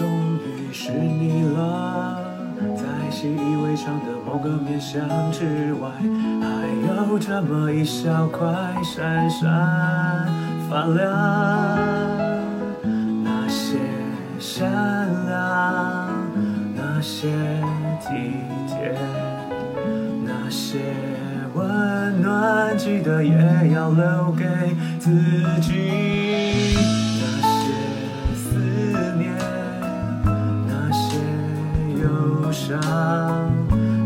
終於是你了，在習以為常的某個面向之外，還有這麼一小塊閃閃發亮。那些善良，那些體貼，那些溫暖，記得也要留給自己。傷，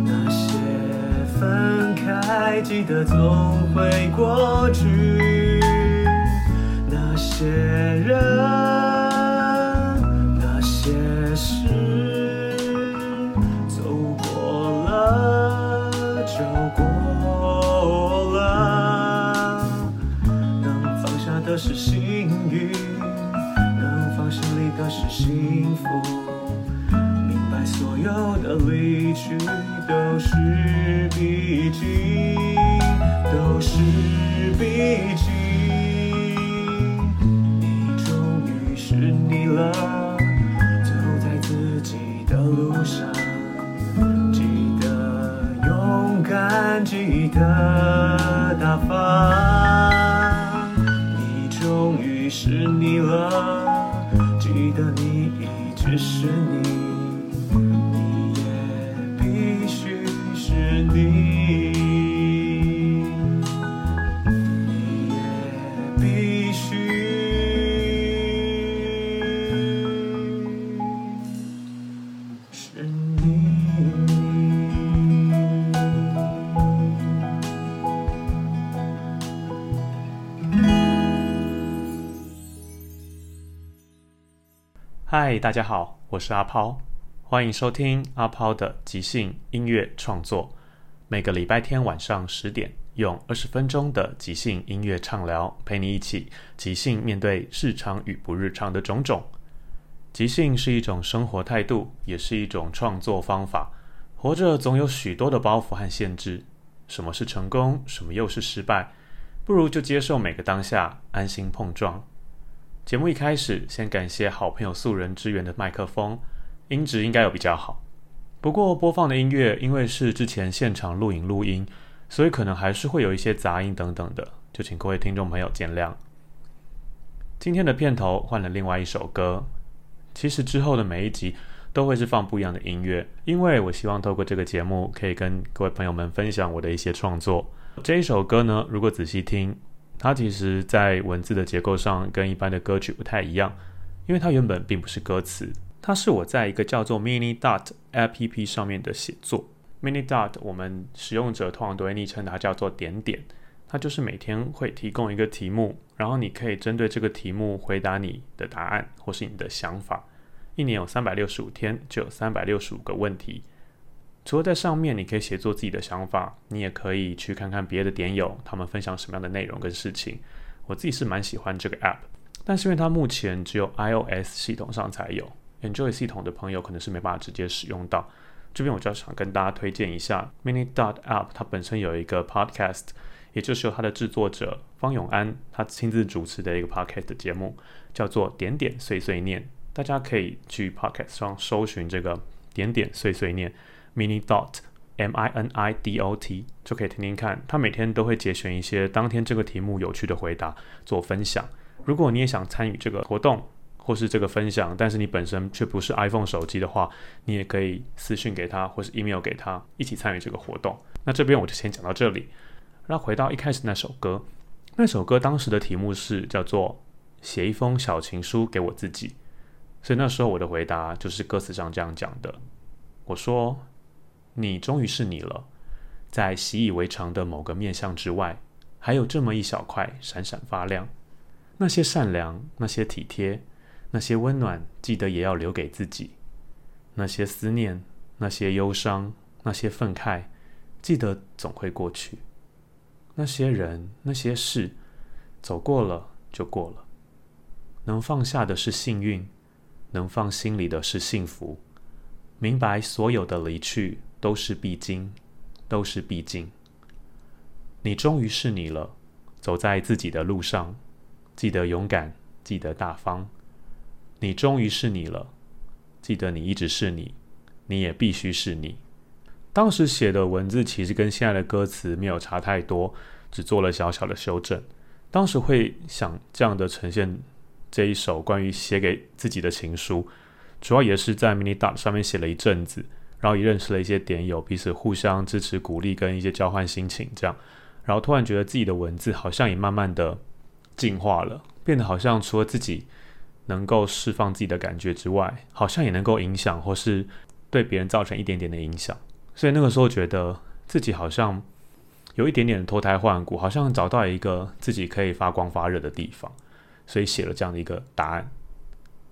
那些憤慨，記得總會過去，那些人，那些事，走過了就過了。能放下的是幸運，能放心裡的是幸福。的離去都是必經，都是畢竟。你終於是你了，走在自己的路上，記得勇敢，記得大方。你終於是你了，記得你一直是你。嗨，Hi, 大家好，我是阿拋，歡迎收聽阿拋的即興音樂創作。每個禮拜天晚上十點，用二十分鐘的即興音樂唱聊，陪你一起即興面對日常與不日常的種種。即興是一種生活態度，也是一種創作方法。活着總有許多的包袱和限制。什麼是成功？什麼又是失敗？不如就接受每個當下，安心碰撞。節目一開始，先感謝好朋友素人支援的麥克風，音質應該有比較好。不過播放的音樂因為是之前現場錄影錄音，所以可能還是會有一些雜音等等的，就請各位聽眾朋友見諒。今天的片頭換了另外一首歌，其實之後的每一集都會是放不一樣的音樂，因為我希望透過這個節目可以跟各位朋友們分享我的一些創作。這一首歌呢，如果仔細聽，它其實，在文字的結構上跟一般的歌曲不太一樣，因為它原本並不是歌詞，它是我在一個叫做 miniDot APP 上面的寫作。miniDot 我們使用者通常都會昵稱它叫做“點點”，它就是每天會提供一個題目，然後你可以針對這個題目回答你的答案或是你的想法。一年有三百六十五天，就有三百六十五個問題。除了在上面你可以寫作自己的想法，你也可以去看看別的點友他們分享什麼樣的內容跟事情。我自己是蠻喜歡這個 app，但是因為它目前只有 iOS 系統上才有，Android 系統的朋友可能是沒辦法直接使用到。這邊我就想跟大家推薦一下 miniDot App，它本身有一個 podcast，也就是由它的製作者方永安他親自主持的一個 podcast 節目，叫做《點點小碎念》，大家可以去 podcast 上搜尋這個《點點小碎念》。miniDot M-I-N-I-D-O-T 就可以聽聽看，他每天都會節選一些當天這個題目有趣的回答做分享。如果你也想參與這個活動或是這個分享，但是你本身卻不是 iPhone 手機的話，你也可以私信給他或是 email 給他，一起參與這個活動。那這邊我就先講到這裡。那回到一開始那首歌，那首歌當時的題目是叫做《寫一封小情書給我自己》，所以那時候我的回答就是歌詞上這樣講的，我說。你終於是你了，在習以為常的某個面向之外，還有這麼一小塊閃閃發亮。那些善良，那些體貼，那些溫暖，記得也要留給自己。那些思念，那些憂傷，那些，那些憤慨，記得總會過去。那些人，那些事，走過了就過了。能放下的是幸運，能放心裡的是幸福。明白所有的離去。都是必經，都是畢竟。你終於是你了，走在自己的路上，記得勇敢，記得大方。你終於是你了，記得你一直是你，你也必須是你。當時寫的文字其實跟現在的歌詞沒有差太多，只做了小小的修正。當時會想這樣的呈現這一首關於寫給自己的情書，主要也是在 miniDot 上面寫了一陣子。然後也認識了一些點友，彼此互相支持鼓勵，跟一些交換心情這樣。然後突然覺得自己的文字好像也慢慢的進化了，變得好像除了自己能夠釋放自己的感覺之外，好像也能夠影響或是對別人造成一點點的影響。所以那個時候覺得自己好像有一點點的脫胎換骨，好像找到一個自己可以發光發熱的地方。所以寫了這樣的一個答案。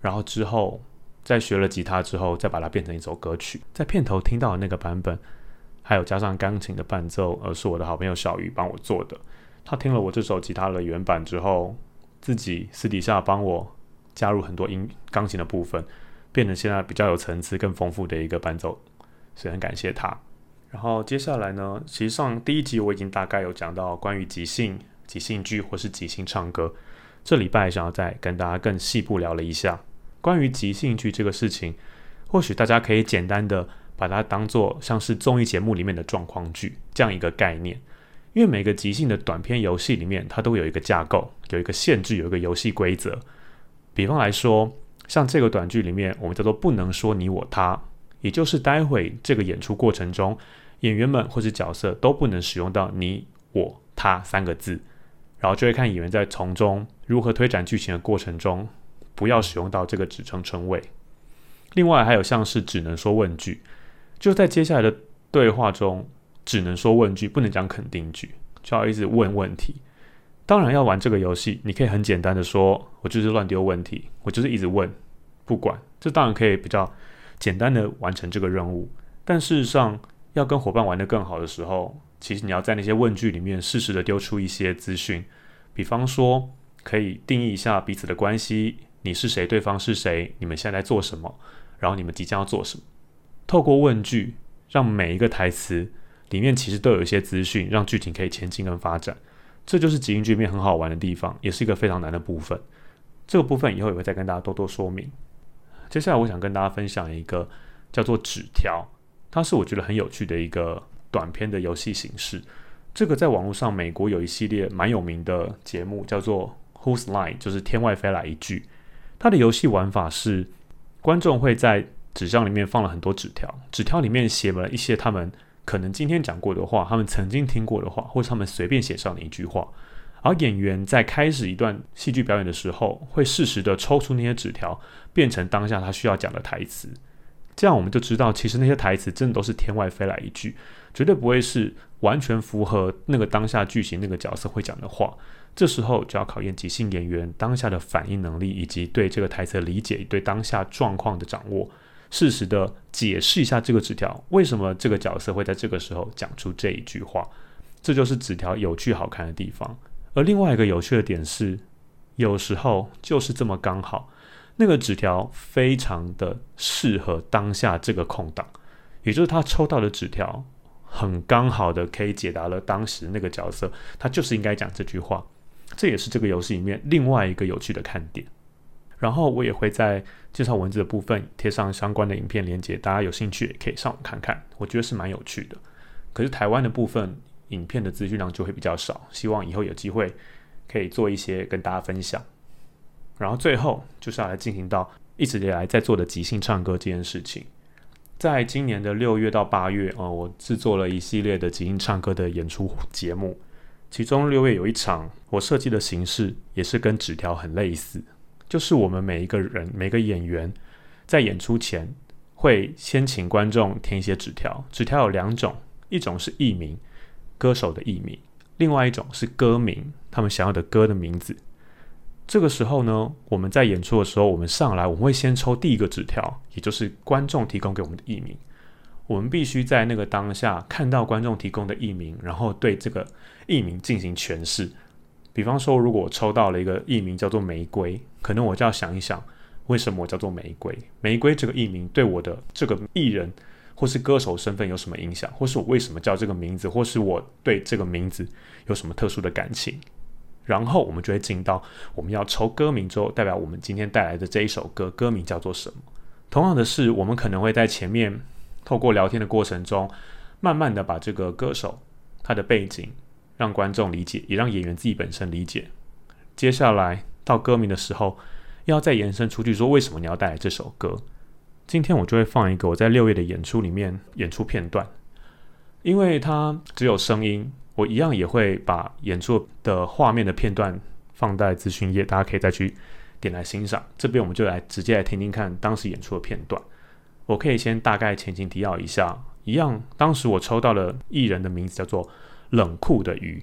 然後之後。在學了吉他之後，再把它變成一首歌曲。在片頭聽到的那個版本，還有加上鋼琴的伴奏，而是我的好朋友小瑜幫我做的。他聽了我這首吉他的原版之後，自己私底下幫我加入很多音鋼琴的部分，變成現在比較有層次、更豐富的一個伴奏，所以很感謝他。然後接下來呢，其實上第一集我已經大概有講到關於即興、即興劇或是即興唱歌，這禮拜想要再跟大家更細部聊了一下。關於即興劇這個事情，或許大家可以簡單的把它當做像是綜藝節目裡面的狀況劇這樣一個概念，因為每個即興的短篇遊戲裡面，它都會有一個架構，有一個限制，有一個遊戲規則。比方來說，像這個短劇裡面，我們叫做不能說你我他，也就是待會這個演出過程中，演員們或是角色都不能使用到你我他三個字，然後就會看演員在從中如何推展劇情的過程中。不要使用到這個指稱稱謂。另外還有像是只能說問句，就在接下來的對話中只能說問句，不能講肯定句，就要一直問問題。當然要玩這個遊戲，你可以很簡單的說，我就是亂丟問題，我就是一直問，不管。這當然可以比較簡單的完成這個任務。但事實上要跟夥伴玩得更好的時候，其實你要在那些問句裡面適時的丟出一些資訊，比方說可以定義一下彼此的關係。你是誰？對方是誰？你們現在在做什麼？然後你們即將要做什麼？透過問句，讓每一個台詞裡面其實都有一些資訊，讓劇情可以前進跟發展。這就是即興劇面很好玩的地方，也是一個非常難的部分。這個部分以後也會再跟大家多多說明。接下來，我想跟大家分享一個叫做“紙條”，它是我覺得很有趣的一個短篇的遊戲形式。這個在網絡上，美國有一系列蠻有名的節目，叫做《Whose Line》，就是天外飛來一句。它的遊戲玩法是，觀眾會在紙箱裡面放了很多紙條，紙條裡面寫了一些他們可能今天講過的話，他們曾經聽過的話，或者他們隨便寫上的一句話。而演員在開始一段戲劇表演的時候，會適時的抽出那些紙條，變成當下他需要講的台詞。這樣我們就知道，其實那些台詞真的都是天外飛來一句。絕對不會是完全符合那個當下劇情那個角色會講的話。這時候就要考驗即興演員當下的反應能力，以及對這個台詞的理解，對當下狀況的掌握，適時的解釋一下這個紙條為什麼這個角色會在這個時候講出這一句話。這就是紙條有趣好看的地方。而另外一個有趣的點是，有時候就是這麼剛好，那個紙條非常的適合當下這個空檔，也就是他抽到的紙條。很剛好的可以解答了當時那個角色，他就是應該講這句話，這也是這個遊戲裡面另外一個有趣的看點。然後我也會在介紹文字的部分貼上相關的影片連結，大家有興趣也可以上網看看，我覺得是蠻有趣的。可是台灣的部分影片的資訊量就會比較少，希望以後有機會可以做一些跟大家分享。然後最後就是要來進行到一直以來在做的即興唱歌這件事情。在今年的六月到八月啊、呃，我製作了一系列的即興唱歌的演出節目。其中六月有一場，我設計的形式也是跟紙條很類似，就是我們每一個人、每個演員在演出前會先請觀眾填一些紙條，紙條有兩種，一種是藝名，歌手的藝名，另外一種是歌名，他們想要的歌的名字。這個時候呢，我們在演出的時候，我們上來，我們會先抽第一個紙條，也就是觀眾提供給我們的藝名。我們必須在那個當下看到觀眾提供的藝名，然後對這個藝名進行詮釋。比方說，如果我抽到了一個藝名叫做“玫瑰”，可能我就要想一想，為什麼我叫做“玫瑰”？“玫瑰”這個藝名對我的這個藝人或是歌手身份有什麼影響？或是我為什麼叫這個名字？或是我對這個名字有什麼特殊的感情？然後我們就會進到我們要抽歌名之後，代表我們今天帶來的這一首歌，歌名叫做什麼？同樣的是，我們可能會在前面透過聊天的過程中，慢慢的把這個歌手他的背景讓觀眾理解，也讓演員自己本身理解。接下來到歌名的時候，要再延伸出去，說為什麼你要帶來這首歌？今天我就會放一個我在六月的演出裡面演出片段，因為它只有聲音。我一樣也會把演出的畫面的片段放在資訊頁，大家可以再去點來欣賞。這邊我們就來直接來聽聽看當時演出的片段。我可以先大概前情提要一下，一樣當時我抽到了藝人的名字叫做“冷酷的魚”，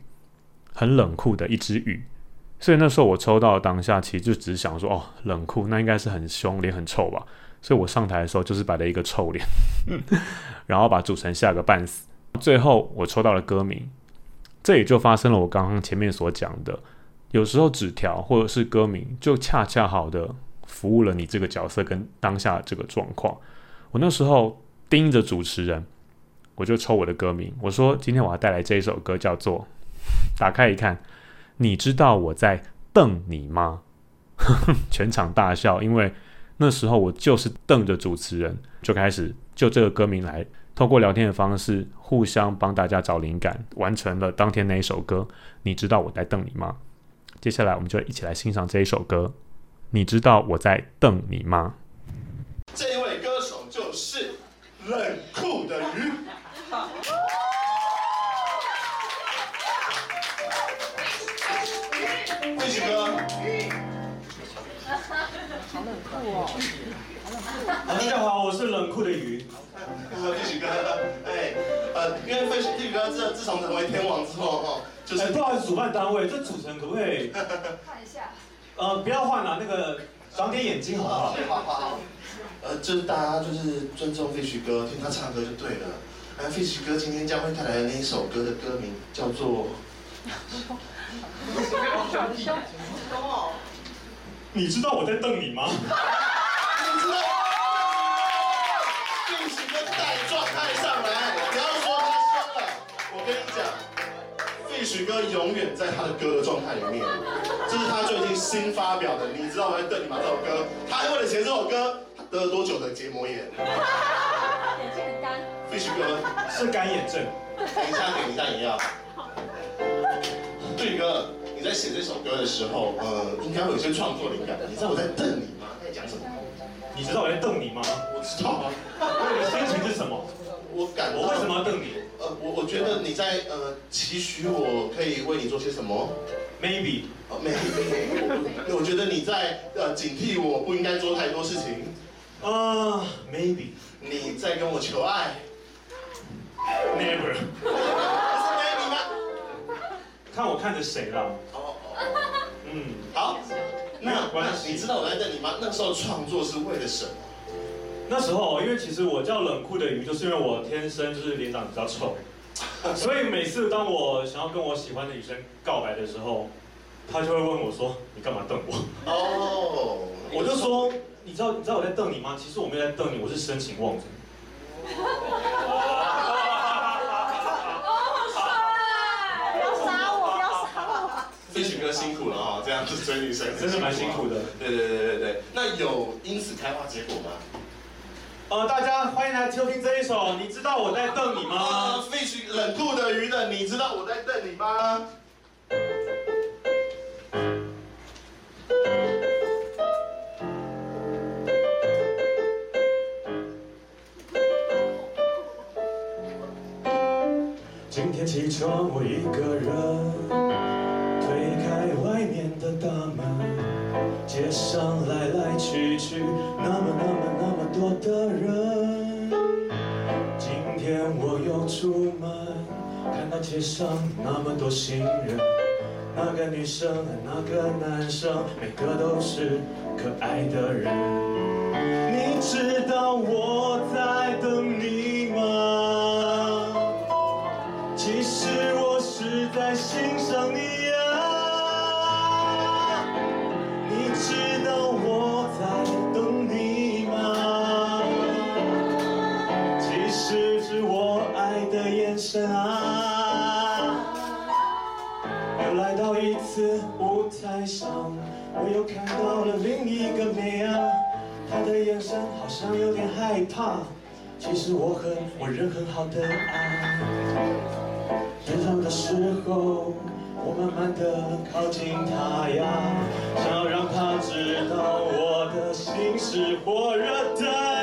很冷酷的一隻魚。所以那時候我抽到當下，其實就只想說，哦，冷酷，那應該是很凶、臉很臭吧？所以我上台的時候就是擺了一個臭臉， 然後把主持人嚇個半死。最後我抽到了歌名。這也就發生了我剛剛前面所講的，有時候紙條或者是歌名，就恰恰好的服務了你這個角色跟當下這個狀況。我那時候盯着主持人，我就抽我的歌名，我說：“今天我要帶來這一首歌，叫做……打開一看，你知道我在瞪你嗎？” 全場大笑，因為那時候我就是瞪着主持人，就開始就這個歌名來。通過聊天的方式，互相幫大家找靈感，完成了當天那一首歌。你知道我在瞪你嗎？接下來我們就一起來欣賞這一首歌。你知道我在瞪你嗎？這一位歌手就是冷酷的魚。這首歌，好冷酷哦！大家好，我是冷酷的魚。還有飛鼠哥，哎、 嗯欸，呃，因為飛飛鼠哥自自從成為天王之後，哦、喔，就是、欸、不好意思，主辦單位，這主持人可不可以？換 一下，呃，不要換了、啊，那個長點眼睛好不好？嗯、好，好？好，好，好。呃，就是大家就是尊重飛鼠哥，聽他唱歌就對了。哎、欸，飛鼠哥今天將會帶來的那一首歌的歌名叫做。 你知道我在瞪你嗎？ 你知道嗎？Oh! 帶狀態上來，不要說他生了。我跟你講，Fish 哥永遠在他的歌的狀態裡面，這是他最近新發表的。你知道我在瞪你嗎？這首歌，他為了寫這首歌他得了多久的結膜炎？眼睛很乾。Fish 哥是乾眼症，等一下等一下眼藥。好。Fish 哥，你在寫這首歌的時候，呃，應該會有些創作靈感。你知道我在瞪你嗎？在講什麼？你知道我在瞪你嗎？我知道嗎？我的心情是什麼？我感我為什麼要瞪你？呃，我我覺得你在呃期許我可以為你做些什麼？Maybe，Maybe，、oh, maybe. 我，我覺得你在呃警惕我不應該做太多事情。啊、uh,，Maybe，你在跟我求愛？Never。 這是 Maybe 嗎？看我看着誰了？哦哦，嗯，好，那，沒關係，那你知道我在瞪你嗎？那個、時候創作是為了什麼？那時候，因為其實我叫冷酷的原因就是因為我天生就是臉長比較臭，所以每次當我想要跟我喜歡的女生告白的時候，她就會問我說：“你幹嘛瞪我？”哦，oh, 我就說：“你知道你知道我在瞪你嗎？”其實我沒在瞪你，我是深情望著你。哇！哦、啊，啊、好帥！啊、不要殺我！啊、我不要殺我！飛行哥辛苦了啊，這樣子追女生真的蠻辛苦的。對對對對對對，那有因此開花結果嗎？呃，大家歡迎來收聽，聽這一首。你知道我在瞪你嗎？冷酷的魚的，你知道我在瞪你嗎？街上來來去去，那麼那麼那麼多的人。今天我又出門，看到街上那麼多行人，那個女生、那個男生，每個都是可愛的人。你知道我在瞪你。我來到一次舞台上，我又看到了另一個妹仔，她的眼神好像有點害怕，其實我人我人很好的啊。等待的時候，我慢慢的靠近她呀，想要讓她知道我的心是火熱的。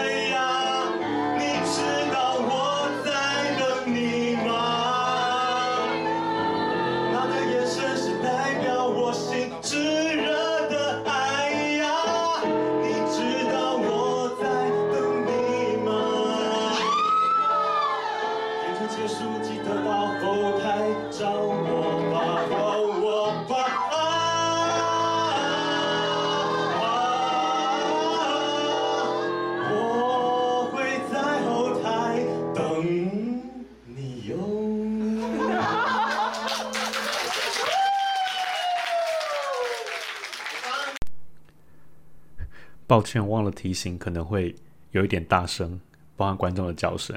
抱歉，忘了提醒，可能會有一點大聲，包含觀眾的叫聲。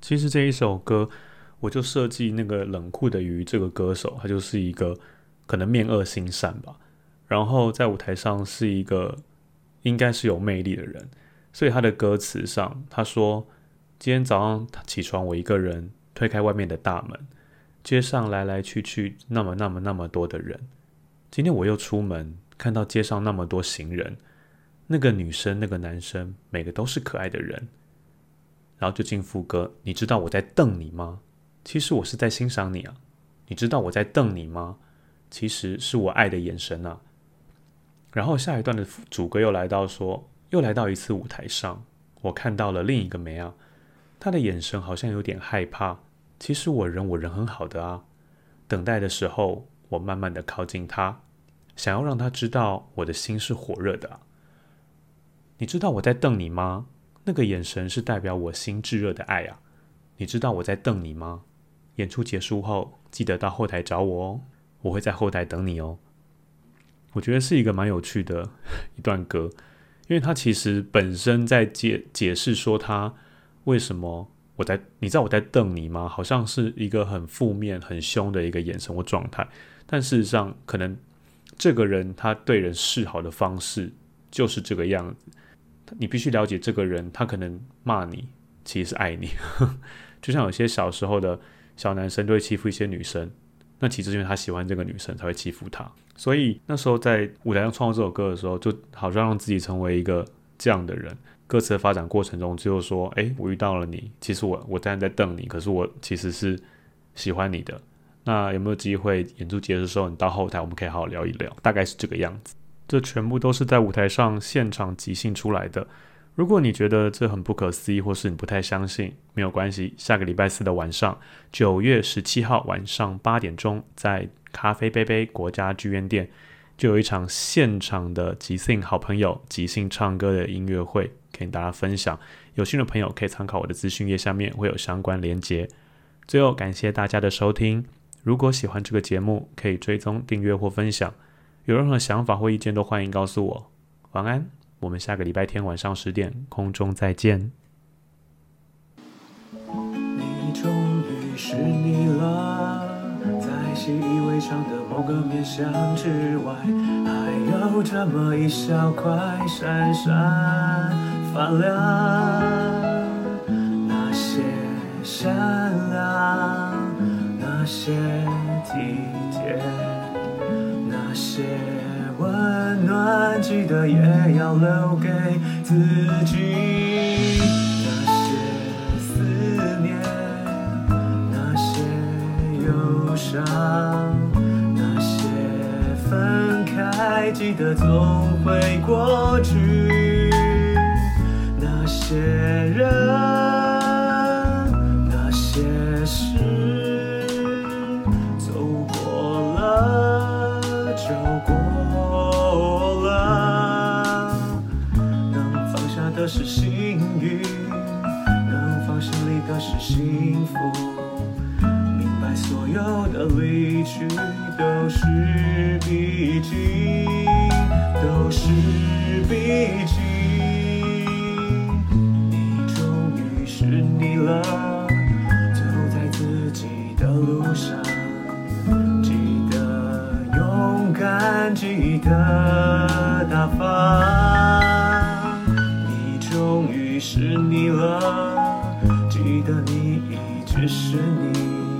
其實這一首歌，我就設計那個冷酷的魚這個歌手，他就是一個可能面惡心善吧。然後在舞台上是一個應該是有魅力的人，所以他的歌詞上他說：“今天早上起床，我一個人推開外面的大門，街上來來去去那麼那麼那麼多的人。今天我又出門，看到街上那麼多行人。”那個女生，那個男生，每個都是可愛的人。然後就進副歌，你知道我在瞪你嗎？其實我是在欣賞你啊。你知道我在瞪你嗎？其實是我愛的眼神啊。然後下一段的主歌又來到說，說又來到一次舞台上，我看到了另一個妹啊，他的眼神好像有點害怕。其實我人我人很好的啊。等待的時候，我慢慢的靠近他，想要讓他知道我的心是火熱的啊。你知道我在瞪你嗎？那個眼神是代表我心炙熱的愛啊！你知道我在瞪你嗎？演出結束後，記得到後台找我哦，我會在後台等你哦。我覺得是一個蠻有趣的一段歌，因為他其實本身在解解釋說他為什麼我在，你知道我在瞪你嗎？好像是一個很負面、很凶的一個眼神或狀態，但事實上，可能這個人他對人示好的方式。就是這個樣子，你必須了解這個人，他可能罵你，其實是愛你。 就像有些小時候的小男生，都會欺負一些女生，那其實因為他喜歡這個女生才會欺負她。所以那時候在舞台上創作這首歌的時候，就好像讓自己成為一個這樣的人。歌詞的發展過程中，只有說：“哎、欸，我遇到了你，其實我我雖然在瞪你，可是我其實是喜歡你的。”那有沒有機會演出結束的時候，你到後台，我們可以好好聊一聊，大概是這個樣子。這全部都是在舞台上現場即興出來的。如果你覺得這很不可思議，或是你不太相信，沒有關係。下個禮拜四的晚上，九月十七號晚上八點鐘，在咖啡杯杯國家劇院店，就有一場現場的即興好朋友即興唱歌的音樂會，跟大家分享。有興趣的朋友可以參考我的資訊頁，下面會有相關連結。最後，感謝大家的收聽。如果喜歡這個節目，可以追蹤、訂閱或分享。有任何想法或意見都歡迎告訴我。晚安，我們下個禮拜天晚上十點空中再見。你那些溫暖，記得也要留給自己。那些思念，那些憂傷，那些憤慨，記得總會過去。那些人。是幸運，能放心裡的是幸福。明白所有的離去都是必經，都是畢竟。了，記得你一直是你。